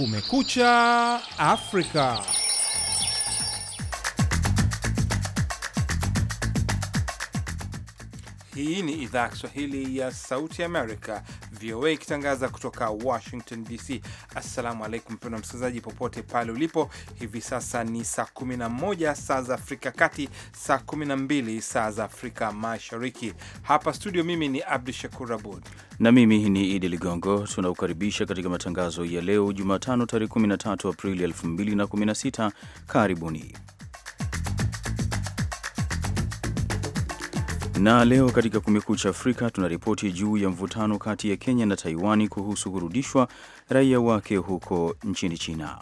Kumekucha Afrika. Hii ni idhaa ya Kiswahili ya Sauti Amerika. VOA ikitangaza kutoka Washington DC. Assalamu alaikum mpendwa msikilizaji, popote pale ulipo. Hivi sasa ni saa 11 saa za Afrika Kati, saa 12 saa za Afrika Mashariki. Hapa studio, mimi ni Abdu Shakur Abud na mimi ni Idi Ligongo. Tunakukaribisha katika matangazo ya leo Jumatano, tarehe 13 Aprili 2016. Karibuni. Na leo katika Kumekucha Afrika tunaripoti juu ya mvutano kati ya Kenya na Taiwani kuhusu kurudishwa raia wake huko nchini China.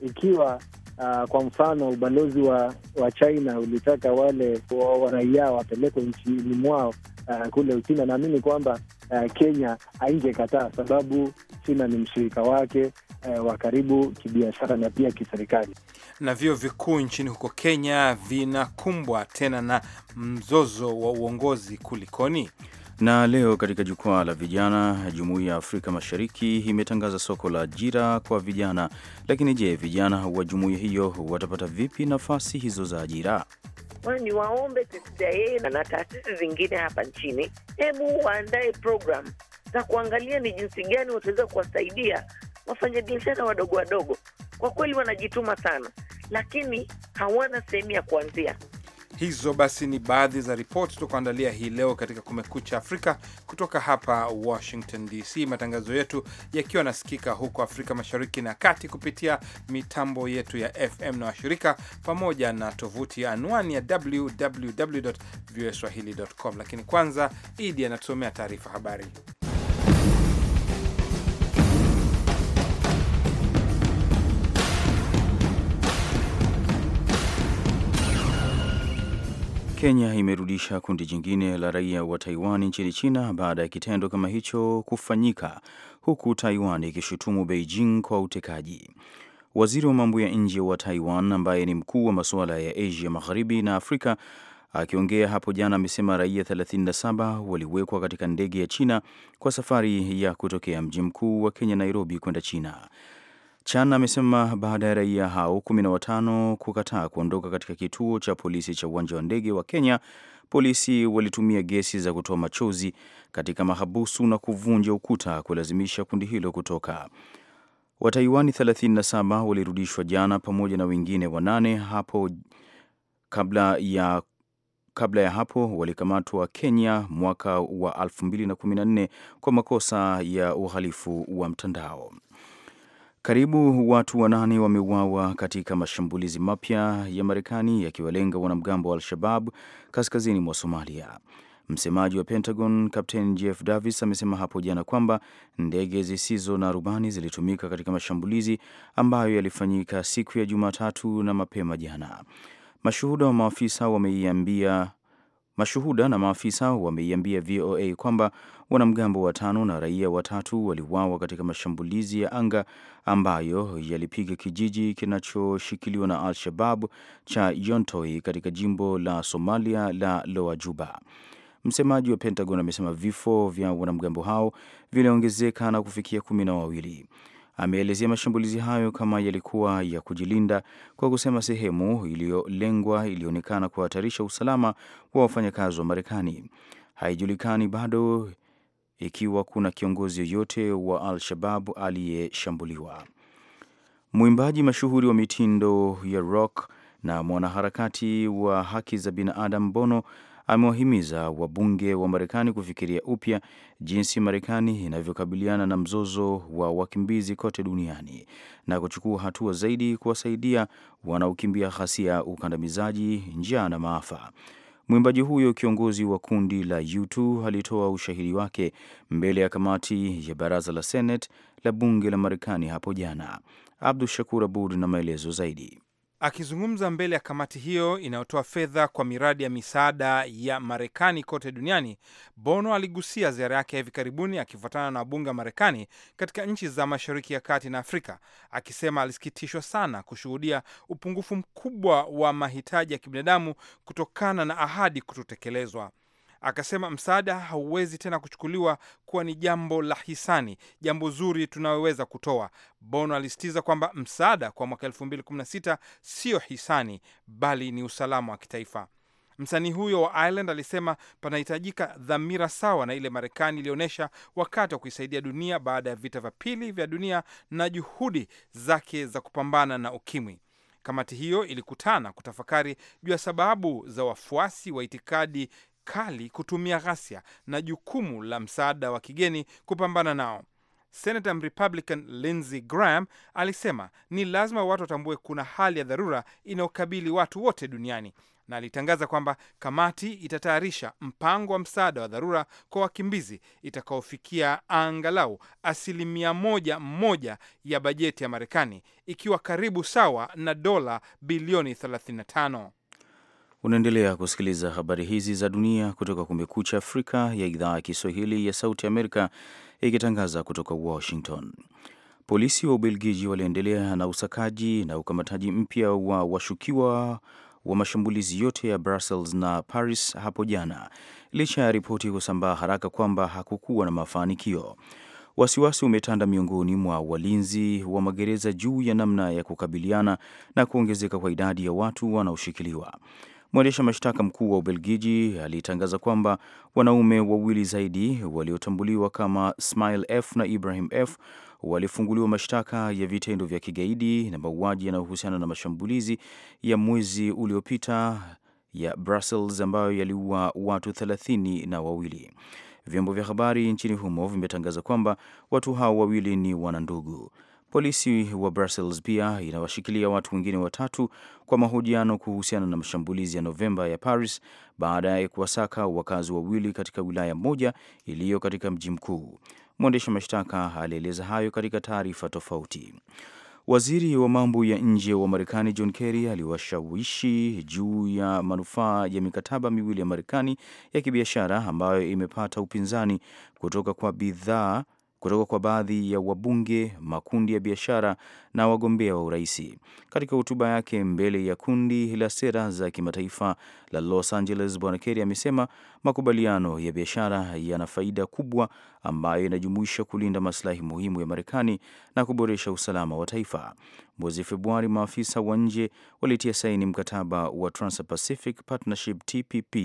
Ikiwa uh, kwa mfano ubalozi wa, wa China ulitaka wale raia wapelekwe nchini mwao uh, kule Uchina, naamini kwamba uh, Kenya haingekataa sababu China ni mshirika wake uh, wa karibu kibiashara na pia kiserikali na vyuo vikuu nchini huko Kenya vinakumbwa tena na mzozo wa uongozi. Kulikoni? Na leo katika jukwaa la vijana, Jumuiya ya Afrika Mashariki imetangaza soko la ajira kwa vijana. Lakini je, vijana wa jumuiya hiyo watapata vipi nafasi hizo za ajira? Ni waombe TCCIA na taasisi zingine hapa nchini, hebu waandae program za kuangalia ni jinsi gani wataweza kuwasaidia wafanyabiashara wadogo wadogo kwa kweli wanajituma sana, lakini hawana sehemu ya kuanzia. Hizo basi ni baadhi za ripoti tukuandalia hii leo katika Kumekucha Afrika kutoka hapa Washington DC, matangazo yetu yakiwa yanasikika huko Afrika Mashariki na Kati kupitia mitambo yetu ya FM na washirika, pamoja na tovuti ya anwani ya www Lakini kwanza Idi anatusomea taarifa habari. Kenya imerudisha kundi jingine la raia wa Taiwan nchini China baada ya kitendo kama hicho kufanyika, huku Taiwan ikishutumu Beijing kwa utekaji. Waziri wa mambo ya nje wa Taiwan ambaye ni mkuu wa masuala ya Asia Magharibi na Afrika akiongea hapo jana amesema raia 37 waliwekwa katika ndege ya China kwa safari ya kutokea mji mkuu wa Kenya, Nairobi, kwenda China. Chan amesema baada ya raia hao kumi na watano kukataa kuondoka katika kituo cha polisi cha uwanja wa ndege wa Kenya, polisi walitumia gesi za kutoa machozi katika mahabusu na kuvunja ukuta kulazimisha kundi hilo kutoka. Wataiwani 37 walirudishwa jana pamoja na wengine wanane hapo kabla ya kabla ya hapo walikamatwa Kenya mwaka wa 2014 kwa makosa ya uhalifu wa mtandao. Karibu watu wanane wameuawa katika mashambulizi mapya ya Marekani yakiwalenga wanamgambo wa Al-Shabab kaskazini mwa Somalia. Msemaji wa Pentagon Captain Jeff Davis amesema hapo jana kwamba ndege zisizo na rubani zilitumika katika mashambulizi ambayo yalifanyika siku ya Jumatatu na mapema jana. Mashuhuda wa maafisa wameiambia Mashuhuda na maafisa wameiambia VOA kwamba wanamgambo watano na raia watatu waliuawa katika mashambulizi ya anga ambayo yalipiga kijiji kinachoshikiliwa na Al-Shabab cha Yontoi katika jimbo la Somalia la Lower Juba. Msemaji wa Pentagon amesema vifo vya wanamgambo hao viliongezeka na kufikia kumi na wawili ameelezea mashambulizi hayo kama yalikuwa ya kujilinda kwa kusema sehemu iliyolengwa ilionekana kuhatarisha usalama wa wafanyakazi wa Marekani. Haijulikani bado ikiwa kuna kiongozi yoyote wa Al-Shabab aliyeshambuliwa. Mwimbaji mashuhuri wa mitindo ya rock na mwanaharakati wa haki za binadamu Bono amewahimiza wabunge wa Marekani kufikiria upya jinsi Marekani inavyokabiliana na mzozo wa wakimbizi kote duniani na kuchukua hatua zaidi kuwasaidia wanaokimbia ghasia, ukandamizaji, njaa na maafa. Mwimbaji huyo kiongozi wa kundi la U2 alitoa ushahidi wake mbele ya kamati ya baraza la Senate la bunge la Marekani hapo jana. Abdu Shakur Abud na maelezo zaidi. Akizungumza mbele ya kamati hiyo inayotoa fedha kwa miradi ya misaada ya Marekani kote duniani, Bono aligusia ziara yake ya hivi karibuni akifuatana na wabunge wa Marekani katika nchi za Mashariki ya Kati na Afrika, akisema alisikitishwa sana kushuhudia upungufu mkubwa wa mahitaji ya kibinadamu kutokana na ahadi kutotekelezwa. Akasema msaada hauwezi tena kuchukuliwa kuwa ni jambo la hisani, jambo zuri tunayoweza kutoa. Bono alisitiza kwamba msaada kwa mwaka sita siyo hisani, bali ni usalama wa kitaifa. Msanii huyo wa Ireland alisema panahitajika dhamira sawa na ile Marekani ilionyesha wakati wa kuisaidia dunia baada ya vita vya pili vya dunia na juhudi zake za kupambana na ukimwi. Kamati hiyo ilikutana kutafakari juu ya sababu za wafuasi wa itikadi kali kutumia ghasia na jukumu la msaada wa kigeni kupambana nao. Senator Republican Lindsey Graham alisema ni lazima watu watambue kuna hali ya dharura inayokabili watu wote duniani, na alitangaza kwamba kamati itatayarisha mpango wa msaada wa dharura kwa wakimbizi itakaofikia angalau asilimia moja moja ya bajeti ya Marekani, ikiwa karibu sawa na dola bilioni 35. Unaendelea kusikiliza habari hizi za dunia kutoka Kumekucha Afrika ya idhaa ya Kiswahili ya Sauti Amerika ikitangaza kutoka Washington. Polisi wa Ubelgiji waliendelea na usakaji na ukamataji mpya wa washukiwa wa mashambulizi yote ya Brussels na Paris hapo jana, licha ya ripoti kusambaa haraka kwamba hakukuwa na mafanikio. Wasiwasi umetanda miongoni mwa walinzi wa magereza juu ya namna ya kukabiliana na kuongezeka kwa idadi ya watu wanaoshikiliwa. Mwendesha mashtaka mkuu wa Ubelgiji alitangaza kwamba wanaume wawili zaidi waliotambuliwa kama Smail F na Ibrahim F walifunguliwa mashtaka ya vitendo vya kigaidi na mauaji yanayohusiana na mashambulizi ya mwezi uliopita ya Brussels ambayo yaliua watu thelathini na wawili. Vyombo vya habari nchini humo vimetangaza kwamba watu hao wawili ni wanandugu. Polisi wa Brussels pia inawashikilia watu wengine watatu kwa mahojiano kuhusiana na mashambulizi ya Novemba ya Paris baada ya kuwasaka wakazi wawili katika wilaya moja iliyo katika mji mkuu. Mwendesha mashtaka alieleza hayo katika taarifa tofauti. Waziri wa mambo ya nje wa Marekani John Kerry aliwashawishi juu ya manufaa ya mikataba miwili ya Marekani ya kibiashara ambayo imepata upinzani kutoka kwa bidhaa kutoka kwa baadhi ya wabunge, makundi ya biashara na wagombea wa uraisi. Katika hotuba yake mbele ya kundi la sera za kimataifa la Los Angeles, Bwana Kerry amesema makubaliano ya biashara yana faida kubwa ambayo inajumuisha kulinda maslahi muhimu ya Marekani na kuboresha usalama wa taifa. Mwezi Februari, maafisa wa nje walitia saini mkataba wa Trans-Pacific Partnership TPP,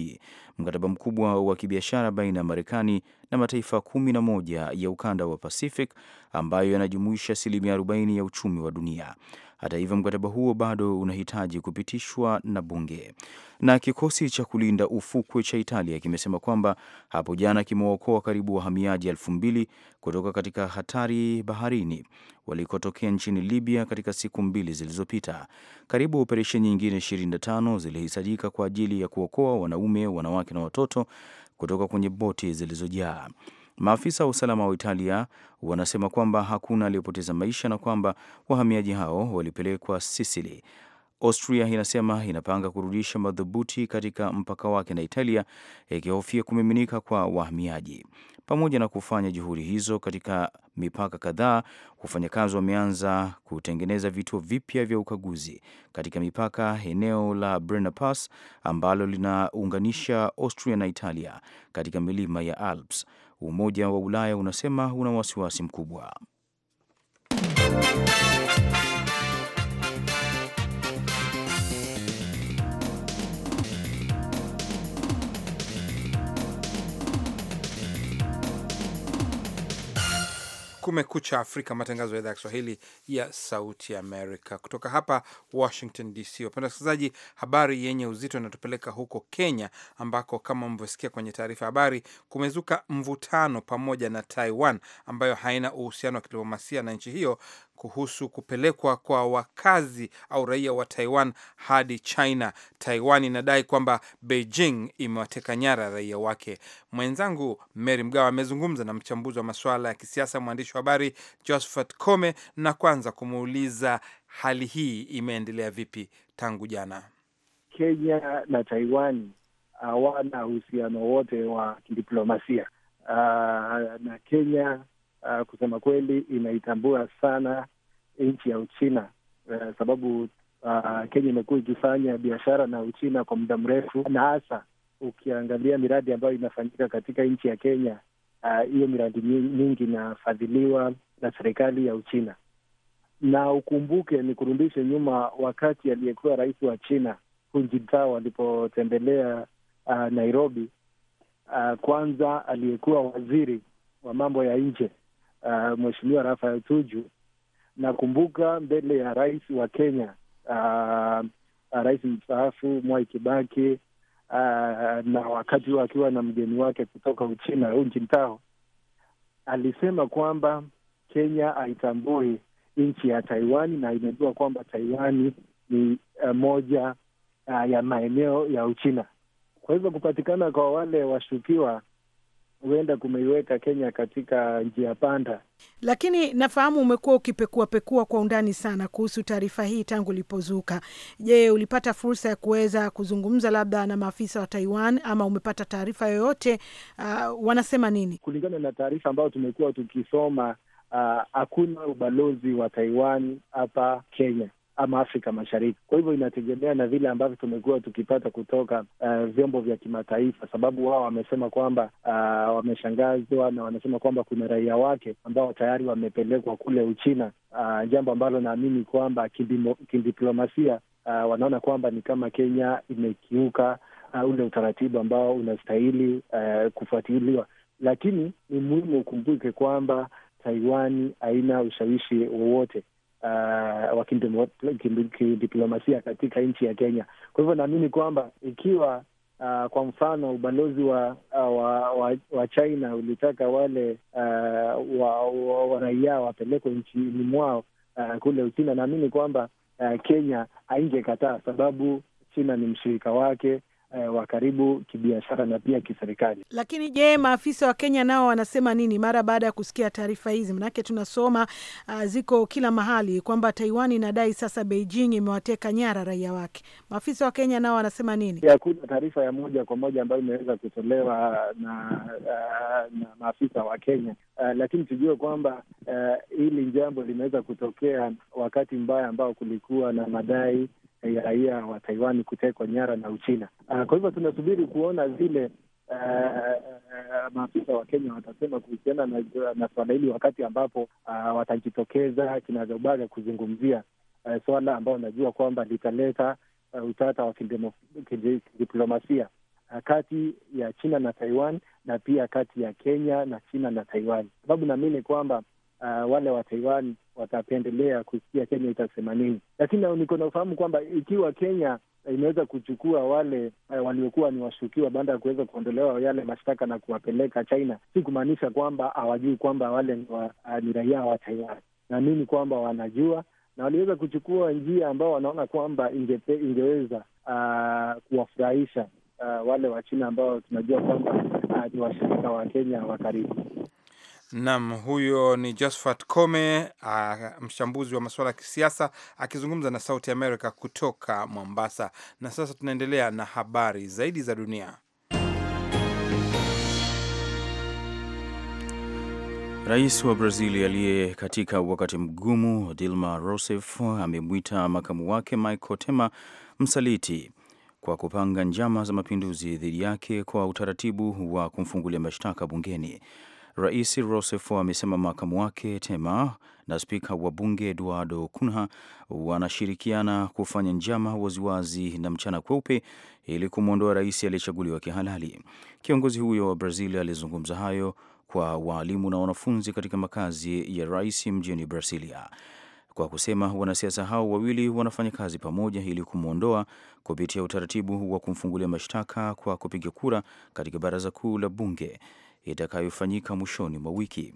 mkataba mkubwa wa kibiashara baina ya Marekani na mataifa kumi na moja ya ukanda wa Pacific ambayo yanajumuisha asilimia 40 ya uchumi wa dunia. Hata hivyo, mkataba huo bado unahitaji kupitishwa na bunge. Na kikosi cha kulinda ufukwe cha Italia kimesema kwamba hapo jana kimewaokoa karibu wahamiaji elfu mbili kutoka katika hatari baharini walikotokea nchini Libya katika siku mbili zilizopita. Karibu operesheni nyingine 25 zilihitajika kwa ajili ya kuokoa wanaume, wanawake na watoto kutoka kwenye boti zilizojaa. Maafisa wa usalama wa Italia wanasema kwamba hakuna aliyepoteza maisha na kwamba wahamiaji hao walipelekwa Sisili. Austria inasema inapanga kurudisha madhubuti katika mpaka wake na Italia ikihofia kumiminika kwa wahamiaji. Pamoja na kufanya juhudi hizo katika mipaka kadhaa, wafanyakazi wameanza kutengeneza vituo vipya vya ukaguzi katika mipaka, eneo la Brenner Pass ambalo linaunganisha Austria na Italia katika milima ya Alps. Umoja wa Ulaya unasema una wasiwasi mkubwa. Kumekucha Afrika, matangazo ya idhaa ya Kiswahili ya Sauti Amerika kutoka hapa Washington DC. Wapenda wasikilizaji, habari yenye uzito inatupeleka huko Kenya, ambako kama mlivyosikia kwenye taarifa habari, kumezuka mvutano pamoja na Taiwan ambayo haina uhusiano wa kidiplomasia na nchi hiyo kuhusu kupelekwa kwa wakazi au raia wa Taiwan hadi China. Taiwan inadai kwamba Beijing imewateka nyara raia wake. Mwenzangu Mary Mgawa amezungumza na mchambuzi wa masuala ya kisiasa, mwandishi wa habari Josephat Kome, na kwanza kumuuliza hali hii imeendelea vipi tangu jana. Kenya na Taiwan hawana uh, uhusiano wote wa kidiplomasia. Uh, na Kenya uh, kusema kweli inaitambua sana nchi ya Uchina uh, sababu uh, Kenya imekuwa ikifanya biashara na Uchina kwa muda mrefu, na hasa ukiangalia miradi ambayo inafanyika katika nchi ya Kenya ah, hiyo uh, miradi nyingi inafadhiliwa na serikali ya Uchina. Na ukumbuke, ni kurudishe nyuma, wakati aliyekuwa rais wa China Hu Jintao alipotembelea uh, Nairobi, uh, kwanza aliyekuwa waziri wa mambo ya nje uh, Mheshimiwa Rafael Tuju. Nakumbuka mbele ya rais wa Kenya uh, uh, rais mstaafu Mwai Kibaki uh, na wakati huo akiwa na mgeni wake kutoka Uchina mtao alisema kwamba Kenya haitambui nchi ya Taiwani na imejua kwamba Taiwani ni uh, moja uh, ya maeneo ya Uchina. Kwa hivyo kupatikana kwa wale washukiwa huenda kumeiweka Kenya katika njia panda. Lakini nafahamu umekuwa ukipekuapekua kwa undani sana kuhusu taarifa hii tangu ilipozuka. Je, ulipata fursa ya kuweza kuzungumza labda na maafisa wa Taiwan ama umepata taarifa yoyote? Uh, wanasema nini? Kulingana na taarifa ambayo tumekuwa tukisoma, uh, hakuna uh, ubalozi wa Taiwan hapa Kenya ama Afrika Mashariki. Kwa hivyo inategemea na vile ambavyo tumekuwa tukipata kutoka uh, vyombo vya kimataifa, sababu wao wamesema kwamba uh, wameshangazwa na wanasema kwamba kuna raia wake ambao tayari wamepelekwa kule Uchina, uh, jambo ambalo naamini kwamba kidiplomasia uh, wanaona kwamba ni kama Kenya imekiuka uh, ule utaratibu ambao unastahili uh, kufuatiliwa, lakini ni muhimu ukumbuke kwamba Taiwani haina ushawishi wowote uh, wa kidiplomasia katika nchi ya Kenya. Kwa hivyo naamini kwamba ikiwa Uh, kwa mfano ubalozi wa, uh, wa, wa wa China ulitaka wale uh, wa wa wapelekwe nchini mwao uh, kule Uchina, naamini kwamba uh, Kenya haingekataa, sababu China ni mshirika wake Eh, wa karibu kibiashara na pia kiserikali. Lakini je, maafisa wa Kenya nao wanasema nini mara baada ya kusikia taarifa hizi? Manake tunasoma uh, ziko kila mahali kwamba Taiwan inadai sasa Beijing imewateka nyara raia wake. Maafisa wa Kenya nao wanasema nini? Hakuna taarifa ya moja kwa moja ambayo imeweza kutolewa ah, na, uh, na maafisa wa Kenya uh, lakini tujue kwamba hili uh, jambo limeweza kutokea wakati mbaya ambao kulikuwa na madai ya raia wa Taiwani kutekwa nyara na Uchina. Ah, kwa hivyo tunasubiri kuona zile Uh, ah, ah, maafisa wa Kenya watasema kuhusiana na, na suala hili wakati ambapo uh, watajitokeza kinazobaga kuzungumzia uh, suala ambao wanajua kwamba litaleta uh, utata wa kidiplomasia uh, kati ya China na Taiwan na pia kati ya Kenya na China na Taiwan, sababu naamini kwamba uh, wale wa Taiwan watapendelea kusikia Kenya itasema nini, lakini niko na ufahamu kwamba ikiwa Kenya imeweza kuchukua wale eh, waliokuwa ni washukiwa baada ya kuweza kuondolewa yale mashtaka na kuwapeleka China, si kumaanisha kwamba hawajui kwamba wale ni ah, raia wa China. Naamini kwamba wanajua na waliweza kuchukua njia ambao wanaona kwamba ingepe, ingeweza uh, kuwafurahisha uh, wale wa China ambao tunajua kwamba ni washirika wa Kenya wa karibu. Nam, huyo ni Josphat Kome, mchambuzi wa masuala ya kisiasa akizungumza na Sauti Amerika kutoka Mombasa. Na sasa tunaendelea na habari zaidi za dunia. Rais wa Brazil aliye katika wakati mgumu Dilma Rousseff amemwita makamu wake Michel Temer msaliti kwa kupanga njama za mapinduzi dhidi yake kwa utaratibu wa kumfungulia mashtaka bungeni. Rais rosefo amesema makamu wake Tema na spika wa bunge Eduardo Kunha wanashirikiana kufanya njama waziwazi na mchana kweupe ili kumwondoa rais aliyechaguliwa kihalali. Kiongozi huyo wa Brazil alizungumza hayo kwa waalimu na wanafunzi katika makazi ya rais mjini Brasilia kwa kusema wanasiasa hao wawili wanafanya kazi pamoja ili kumwondoa kupitia utaratibu wa kumfungulia mashtaka kwa kupiga kura katika baraza kuu la bunge itakayofanyika mwishoni mwa wiki.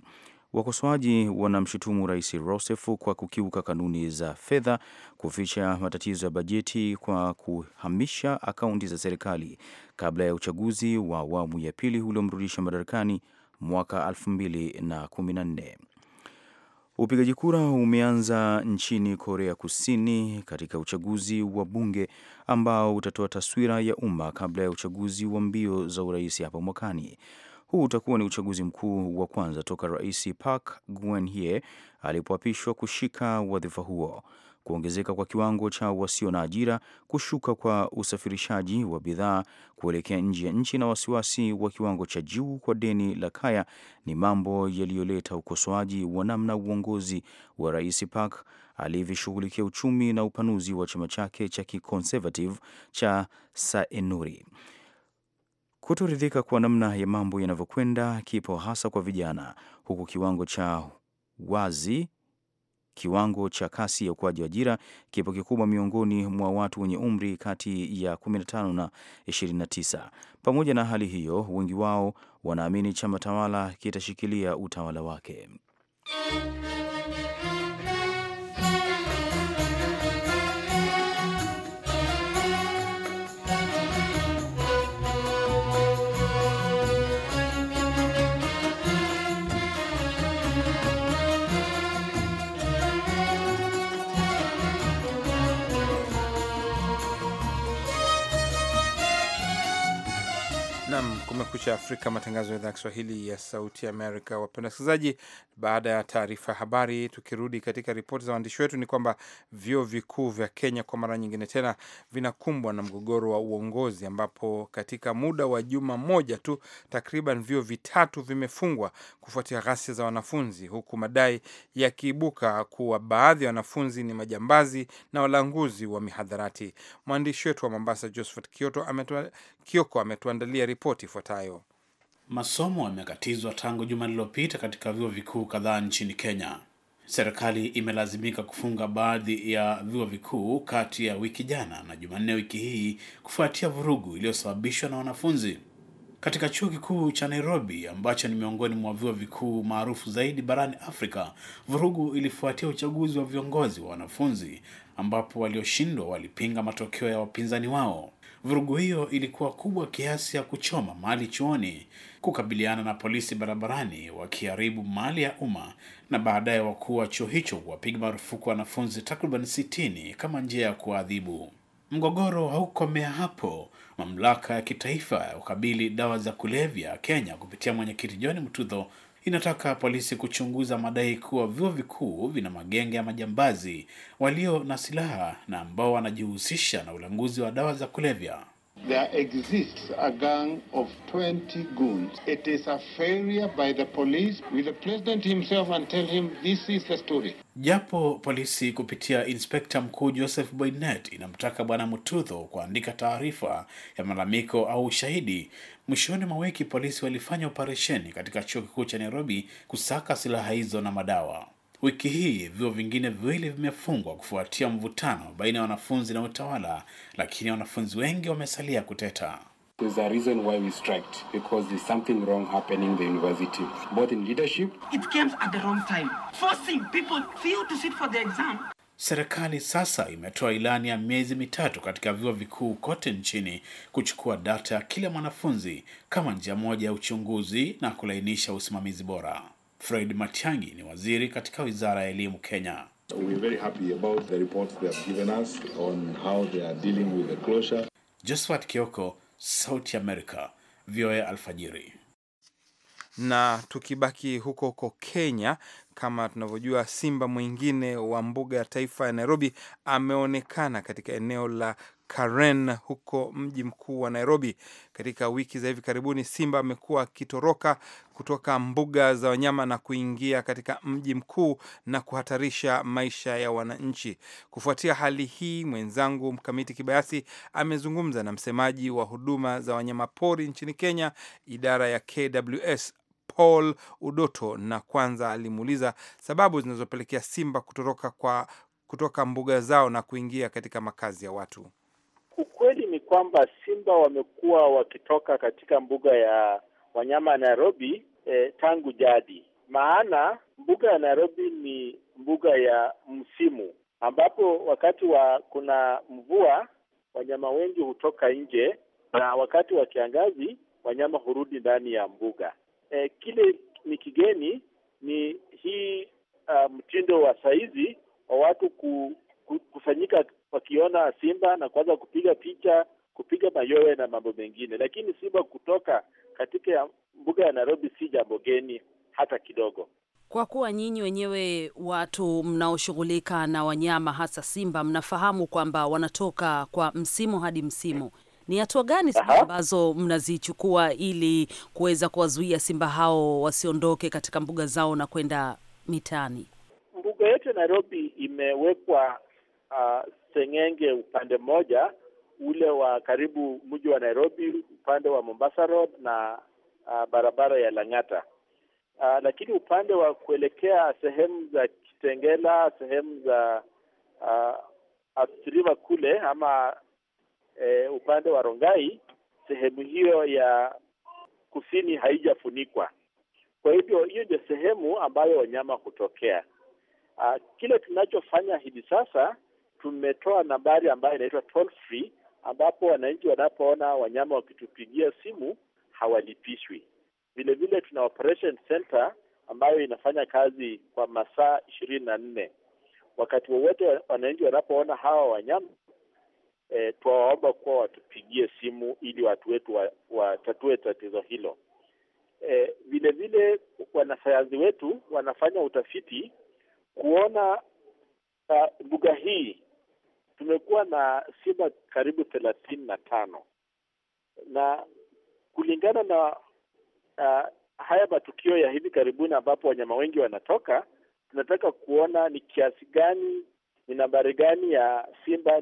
Wakosoaji wanamshutumu Rais Rousseff kwa kukiuka kanuni za fedha, kuficha matatizo ya bajeti kwa kuhamisha akaunti za serikali kabla ya uchaguzi wa awamu ya pili uliomrudisha madarakani mwaka 2014. Upigaji kura umeanza nchini Korea Kusini katika uchaguzi wa bunge ambao utatoa taswira ya umma kabla ya uchaguzi wa mbio za urais hapo mwakani. Huu utakuwa ni uchaguzi mkuu wa kwanza toka Rais Park Geun-hye alipoapishwa kushika wadhifa huo. Kuongezeka kwa kiwango cha wasio na ajira, kushuka kwa usafirishaji wa bidhaa kuelekea nje ya nchi na wasiwasi wa kiwango cha juu kwa deni la kaya ni mambo yaliyoleta ukosoaji wa namna uongozi wa Rais Park alivyoshughulikia uchumi na upanuzi wa chama chake cha kiconservative cha Saenuri. Kutoridhika kwa namna ya mambo yanavyokwenda kipo hasa kwa vijana, huku kiwango cha wazi kiwango cha kasi ya ukuaji wa ajira kipo kikubwa miongoni mwa watu wenye umri kati ya 15 na 29. Pamoja na hali hiyo, wengi wao wanaamini chama tawala kitashikilia utawala wake. Kumekucha Afrika, matangazo ya idhaa Kiswahili ya Sauti Amerika. Wapenda wasikilizaji, baada ya taarifa habari, tukirudi katika ripoti za waandishi wetu, ni kwamba vyuo vikuu vya Kenya kwa mara nyingine tena vinakumbwa na mgogoro wa uongozi, ambapo katika muda wa juma moja tu takriban vyuo vitatu vimefungwa kufuatia ghasia za wanafunzi, huku madai yakiibuka kuwa baadhi ya wanafunzi ni majambazi na walanguzi wa mihadharati. Mwandishi wetu wa Mombasa, Josephat Kioto, Kioko ametuandalia ripoti ifuatayo. Masomo yamekatizwa tangu juma lililopita katika vyuo vikuu kadhaa nchini Kenya. Serikali imelazimika kufunga baadhi ya vyuo vikuu kati ya wiki jana na Jumanne wiki hii kufuatia vurugu iliyosababishwa na wanafunzi katika chuo kikuu cha Nairobi ambacho ni miongoni mwa vyuo vikuu maarufu zaidi barani Afrika. Vurugu ilifuatia uchaguzi wa viongozi wa wanafunzi ambapo walioshindwa walipinga matokeo ya wapinzani wao. Vurugu hiyo ilikuwa kubwa kiasi ya kuchoma mali chuoni, kukabiliana na polisi barabarani wakiharibu mali ya umma, na baadaye wakuu wa chuo hicho kuwapiga marufuku wanafunzi takriban sitini kama njia ya kuadhibu. Mgogoro haukomea hapo. Mamlaka ya kitaifa ya ukabili dawa za kulevya Kenya kupitia mwenyekiti John Mtudho inataka polisi kuchunguza madai kuwa vyuo vikuu vina magenge ya majambazi walio na silaha na ambao wanajihusisha na ulanguzi wa dawa za kulevya. There exists a gang of 20 goons. It is a failure by the police with the president himself and tell him this is the story. Japo polisi kupitia Inspekta Mkuu Joseph Boynet inamtaka Bwana mtudho kuandika taarifa ya malalamiko au ushahidi Mwishoni mwa wiki polisi walifanya operesheni katika chuo kikuu cha Nairobi kusaka silaha hizo na madawa. Wiki hii vyuo vingine viwili vimefungwa kufuatia mvutano baina ya wanafunzi na utawala, lakini wanafunzi wengi wamesalia kuteta. It came at the wrong time. Forcing people to sit for the exam. Serikali sasa imetoa ilani ya miezi mitatu katika vyuo vikuu kote nchini kuchukua data ya kila mwanafunzi kama njia moja ya uchunguzi na kulainisha usimamizi bora. Fred Matiang'i ni waziri katika Wizara ya Elimu Kenya. Josephat Kioko, Sauti America, VOA Alfajiri. Na tukibaki huko huko Kenya, kama tunavyojua, simba mwingine wa mbuga ya taifa ya Nairobi ameonekana katika eneo la Karen huko mji mkuu wa Nairobi. Katika wiki za hivi karibuni, simba amekuwa akitoroka kutoka mbuga za wanyama na kuingia katika mji mkuu na kuhatarisha maisha ya wananchi. Kufuatia hali hii, mwenzangu Mkamiti Kibayasi amezungumza na msemaji wa huduma za wanyamapori nchini Kenya, idara ya KWS Paul Udoto, na kwanza alimuuliza sababu zinazopelekea simba kutoroka kwa kutoka mbuga zao na kuingia katika makazi ya watu. Ukweli ni kwamba simba wamekuwa wakitoka katika mbuga ya wanyama ya Nairobi eh, tangu jadi, maana mbuga ya Nairobi ni mbuga ya msimu ambapo wakati wa kuna mvua wanyama wengi hutoka nje na wakati wa kiangazi wanyama hurudi ndani ya mbuga eh, kile ni kigeni ni hii uh, mtindo wa saizi wa watu ku, ku, kufanyika wakiona simba na kuanza kupiga picha, kupiga mayowe na mambo mengine. Lakini simba kutoka katika mbuga ya Nairobi si jambo geni hata kidogo. Kwa kuwa nyinyi wenyewe watu mnaoshughulika na wanyama hasa simba, mnafahamu kwamba wanatoka kwa msimu hadi msimu. Ni hatua gani ambazo mnazichukua ili kuweza kuwazuia simba hao wasiondoke katika mbuga zao na kwenda mitaani? Mbuga yetu ya Nairobi imewekwa uh, seng'enge upande mmoja ule wa karibu mji wa Nairobi upande wa Mombasa Road na uh, barabara ya Lang'ata. Uh, lakini upande wa kuelekea sehemu za Kitengela, sehemu za uh, River kule ama e, upande wa Rongai, sehemu hiyo ya kusini haijafunikwa. Kwa hivyo hiyo ndio sehemu ambayo wanyama hutokea. Uh, kile tunachofanya hivi sasa, tumetoa nambari ambayo inaitwa toll free, ambapo wananchi wanapoona wanyama wakitupigia simu hawalipishwi. Vile vile tuna operation center ambayo inafanya kazi kwa masaa ishirini na nne. Wakati wowote wananchi wanapoona hawa wanyama eh, twawaomba kuwa watupigie simu ili watu wetu watatue wa tatizo hilo. Eh, vile vile wanasayansi wetu wanafanya utafiti kuona mbuga eh, uh, hii tumekuwa na simba karibu thelathini na tano na kulingana na uh, haya matukio ya hivi karibuni ambapo wanyama wengi wanatoka, tunataka kuona ni kiasi gani, ni nambari gani ya simba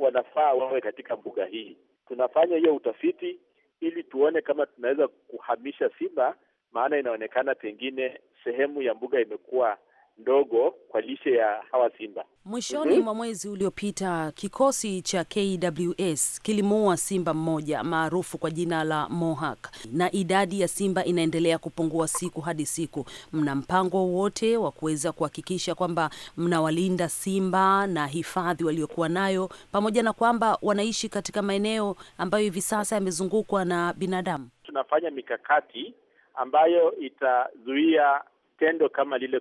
wanafaa wawe katika mbuga hii. Tunafanya hiyo utafiti ili tuone kama tunaweza kuhamisha simba, maana inaonekana pengine sehemu ya mbuga imekuwa ndogo kwa lishe ya hawa simba. Mwishoni mm -hmm. mwa mwezi uliopita kikosi cha KWS kilimuua simba mmoja maarufu kwa jina la Mohawk, na idadi ya simba inaendelea kupungua siku hadi siku. Mna mpango wowote wa kuweza kuhakikisha kwamba mnawalinda simba na hifadhi waliokuwa nayo, pamoja na kwamba wanaishi katika maeneo ambayo hivi sasa yamezungukwa na binadamu? Tunafanya mikakati ambayo itazuia tendo kama lile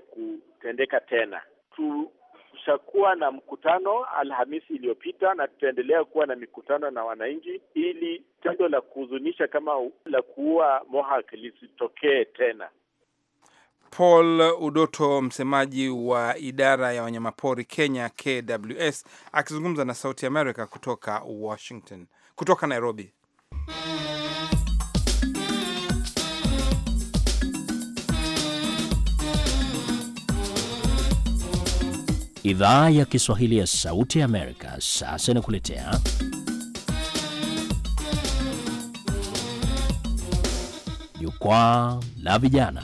kutendeka tena. Tushakuwa na mkutano Alhamisi iliyopita na tutaendelea kuwa na mikutano na wananchi ili tendo la kuhuzunisha kama la kuua moha lisitokee tena. Paul Udoto, msemaji wa idara ya wanyamapori Kenya KWS, akizungumza na Sauti amerika kutoka Washington, kutoka Nairobi. Idhaa ya Kiswahili ya Sauti ya Amerika sasa inakuletea Jukwaa la Vijana.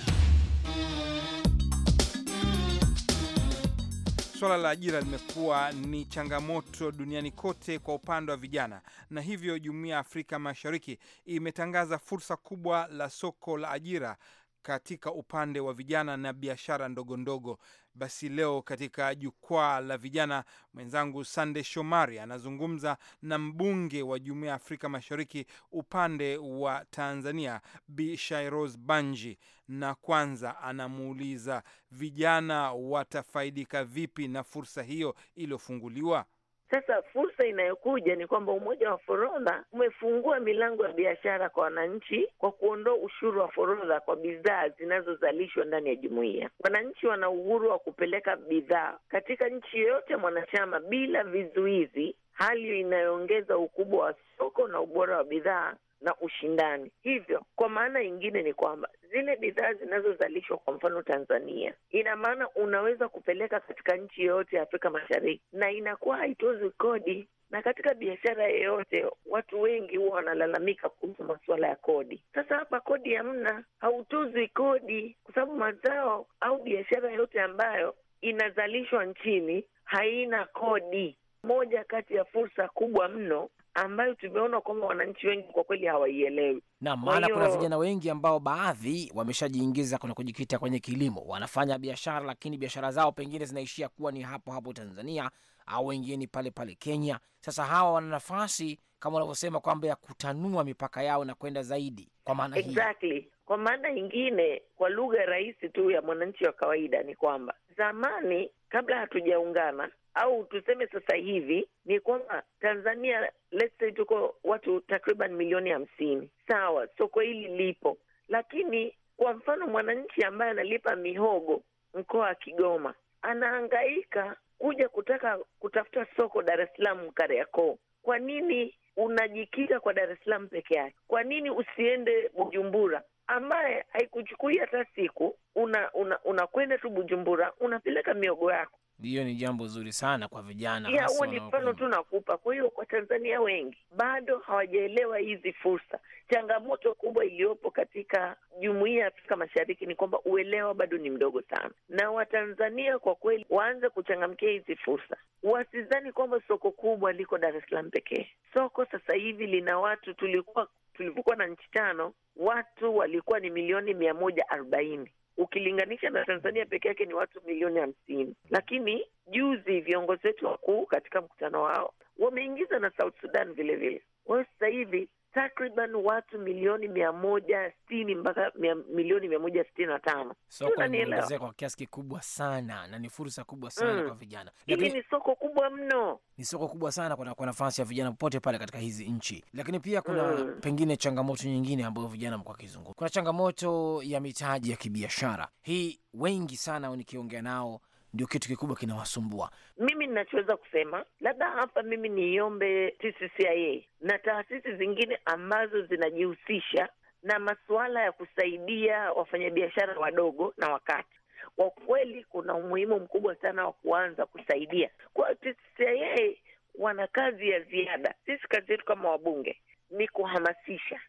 Swala la ajira limekuwa ni changamoto duniani kote kwa upande wa vijana, na hivyo Jumuiya ya Afrika Mashariki imetangaza fursa kubwa la soko la ajira katika upande wa vijana na biashara ndogo ndogo basi leo katika jukwaa la vijana, mwenzangu Sande Shomari anazungumza na mbunge wa Jumuiya ya Afrika Mashariki upande wa Tanzania, Bi Shairos Banji, na kwanza anamuuliza vijana watafaidika vipi na fursa hiyo iliyofunguliwa. Sasa fursa inayokuja ni kwamba umoja wa forodha umefungua milango ya biashara kwa wananchi kwa kuondoa ushuru wa forodha kwa bidhaa zinazozalishwa ndani ya jumuiya. Wananchi wana uhuru wa kupeleka bidhaa katika nchi yoyote mwanachama bila vizuizi, hali inayoongeza ukubwa wa soko na ubora wa bidhaa na ushindani. Hivyo, kwa maana nyingine ni kwamba zile bidhaa zinazozalishwa kwa mfano Tanzania, ina maana unaweza kupeleka katika nchi yoyote ya Afrika Mashariki na inakuwa haitozwi kodi. Na katika biashara yeyote, watu wengi huwa wanalalamika kuhusu masuala ya kodi. Sasa hapa kodi hamna, hautozwi kodi, kwa sababu mazao au biashara yoyote ambayo inazalishwa nchini haina kodi. Moja kati ya fursa kubwa mno ambayo tumeona kwamba wananchi wengi kwa kweli hawaielewi. Na maana kuna vijana wengi ambao baadhi wameshajiingiza kwenye kujikita kwenye kilimo, wanafanya biashara, lakini biashara zao pengine zinaishia kuwa ni hapo hapo Tanzania au wengine ni pale pale Kenya. Sasa hawa wana nafasi kama wanavyosema kwamba ya kutanua mipaka yao na kwenda zaidi. Kwa maana exactly Kwa maana nyingine, kwa lugha rahisi tu ya mwananchi wa kawaida ni kwamba zamani, kabla hatujaungana, au tuseme sasa hivi ni kwamba Tanzania let's say tuko watu takriban milioni hamsini. Sawa, soko hili lipo, lakini kwa mfano mwananchi ambaye analipa mihogo mkoa wa Kigoma anahangaika kuja kutaka kutafuta soko Dar es Salaam, Kariakoo. Kwa nini unajikita kwa Dar es Salaam peke yake? Kwa nini usiende Bujumbura ambaye haikuchukui hata siku? Unakwenda una, una tu Bujumbura, unapeleka miogo yako hiyo ni jambo zuri sana kwa vijana. Yeah, huo ni mfano tu nakupa. Kwa hiyo kwa Tanzania wengi bado hawajaelewa hizi fursa. Changamoto kubwa iliyopo katika jumuiya ya Afrika Mashariki ni kwamba uelewa bado ni mdogo sana, na Watanzania kwa kweli waanze kuchangamkia hizi fursa. Wasidhani kwamba soko kubwa liko Dar es Salaam pekee. Soko sasa hivi lina watu, tulikuwa tulivyokuwa na nchi tano, watu walikuwa ni milioni mia moja arobaini ukilinganisha na Tanzania peke yake ni watu milioni hamsini. Lakini juzi viongozi wetu wakuu katika mkutano wao wameingiza na South Sudan vilevile. Kwa hiyo sasa hivi takriban watu milioni mia moja sitini mpaka milioni mia moja sitini na tano. Soko limeongezeka kwa kiasi kikubwa sana na ni fursa kubwa sana mm, kwa vijana. Hili ni soko kubwa mno, ni soko kubwa sana kwa, kwa nafasi ya vijana popote pale katika hizi nchi, lakini pia kuna mm, pengine changamoto nyingine ambayo vijana mko wakizungumza. Kuna changamoto ya mitaji ya kibiashara hii, wengi sana nikiongea nao ndio kitu kikubwa kinawasumbua. Mimi ninachoweza kusema labda hapa, mimi niiombe TCCIA na taasisi zingine ambazo zinajihusisha na masuala ya kusaidia wafanyabiashara wadogo na wakati kwa kweli kuna umuhimu mkubwa sana wa kuanza kusaidia. Kwa hiyo TCCIA wana kazi ya ziada. Sisi kazi yetu kama wabunge ni kuhamasisha.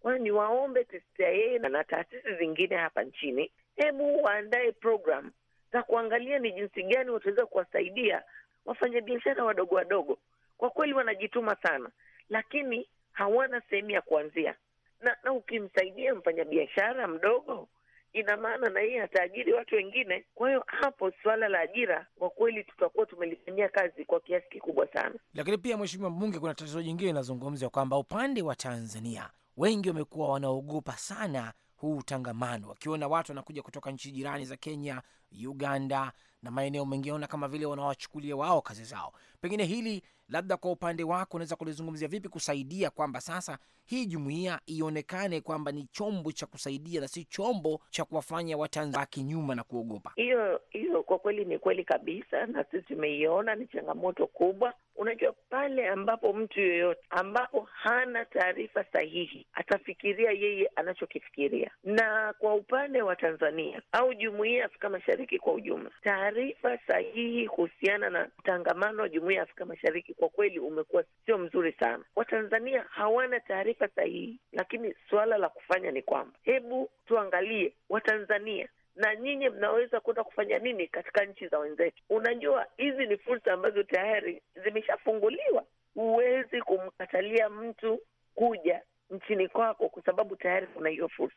Kwa hiyo niwaombe TCCIA na taasisi zingine hapa nchini, hebu waandae program za kuangalia ni jinsi gani wataweza kuwasaidia wafanyabiashara wadogo wadogo. Kwa kweli wanajituma sana, lakini hawana sehemu ya kuanzia, na, na ukimsaidia mfanyabiashara mdogo ina maana na yeye ataajiri watu wengine. Kwa hiyo hapo suala la ajira kwa kweli tutakuwa tumelifanyia kazi kwa kiasi kikubwa sana. Lakini pia, Mheshimiwa Mbunge, kuna tatizo jingine linazungumzwa kwamba upande wa Tanzania wengi wamekuwa wanaogopa sana huu utangamano, wakiona watu wanakuja kutoka nchi jirani za Kenya, Uganda na maeneo ona kama vile wanawachukulia wao kazi zao. Pengine hili labda kwa upande wako unaweza kulizungumzia vipi kusaidia kwamba sasa hii jumuiya ionekane kwamba ni chombo cha kusaidia na si chombo cha kuwafanya Watanzania baki nyuma na kuogopa? Hiyo hiyo kwa kweli ni kweli kabisa, na sisi tumeiona ni changamoto kubwa Unajua, pale ambapo mtu yoyote ambapo hana taarifa sahihi atafikiria yeye anachokifikiria. Na kwa upande wa Tanzania au jumuiya ya Afrika Mashariki kwa ujumla, taarifa sahihi kuhusiana na mtangamano wa jumuiya ya Afrika Mashariki kwa kweli umekuwa sio mzuri sana. Watanzania hawana taarifa sahihi, lakini suala la kufanya ni kwamba hebu tuangalie Watanzania na nyinyi mnaweza kwenda kufanya nini katika nchi za wenzetu? Unajua, hizi ni fursa ambazo tayari zimeshafunguliwa. Huwezi kumkatalia mtu kuja nchini kwako kwa sababu tayari kuna hiyo fursa.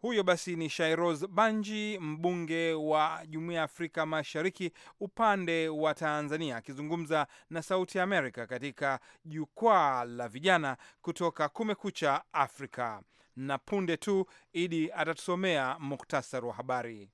Huyo basi ni Shairos Banji, mbunge wa Jumuiya ya Afrika Mashariki upande wa Tanzania, akizungumza na Sauti ya Amerika katika jukwaa la vijana kutoka Kumekucha Afrika. Na punde tu Idi atatusomea muktasari wa habari.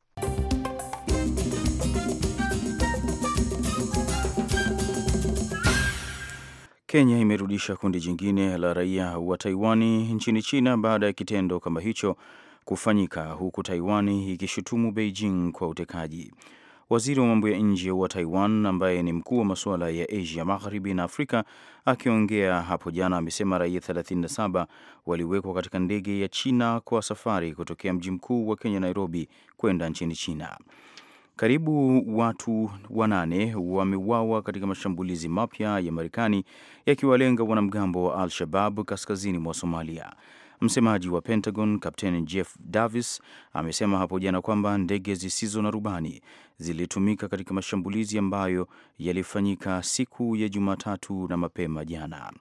Kenya imerudisha kundi jingine la raia wa Taiwani nchini China baada ya kitendo kama hicho kufanyika huku Taiwan ikishutumu Beijing kwa utekaji. Waziri wa mambo ya nje wa Taiwan ambaye ni mkuu wa masuala ya Asia Magharibi na Afrika akiongea hapo jana amesema raia 37 waliwekwa katika ndege ya China kwa safari kutokea mji mkuu wa Kenya Nairobi kwenda nchini China. Karibu watu wanane wameuawa katika mashambulizi mapya ya Marekani yakiwalenga wanamgambo wa Al-Shabab kaskazini mwa Somalia. Msemaji wa Pentagon Kapteni Jeff Davis amesema hapo jana kwamba ndege zisizo na rubani zilitumika katika mashambulizi ambayo yalifanyika siku ya Jumatatu na mapema jana.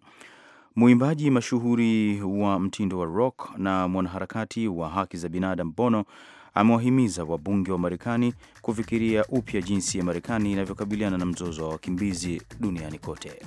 Mwimbaji mashuhuri wa mtindo wa rock na mwanaharakati wa haki za binadamu Bono amewahimiza wabunge wa Marekani kufikiria upya jinsi ya Marekani inavyokabiliana na mzozo wa wakimbizi duniani kote.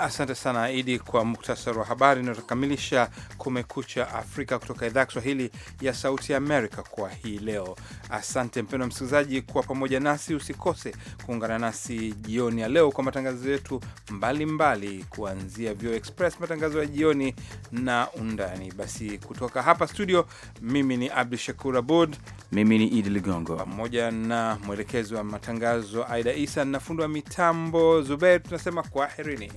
Asante sana Idi kwa muktasari wa habari Inayotakamilisha Kumekucha Afrika kutoka idhaa ya Kiswahili ya Sauti Amerika kwa hii leo. Asante mpendwa msikilizaji kwa pamoja nasi, usikose kuungana nasi jioni ya leo kwa matangazo yetu mbalimbali, kuanzia Vio Express, matangazo ya jioni na undani. Basi kutoka hapa studio, mimi ni Abdu Shakur Abud, mimi ni Idi Ligongo, pamoja na mwelekezi wa matangazo Aida Isa na fundi wa mitambo Zubeir, tunasema kwaherini.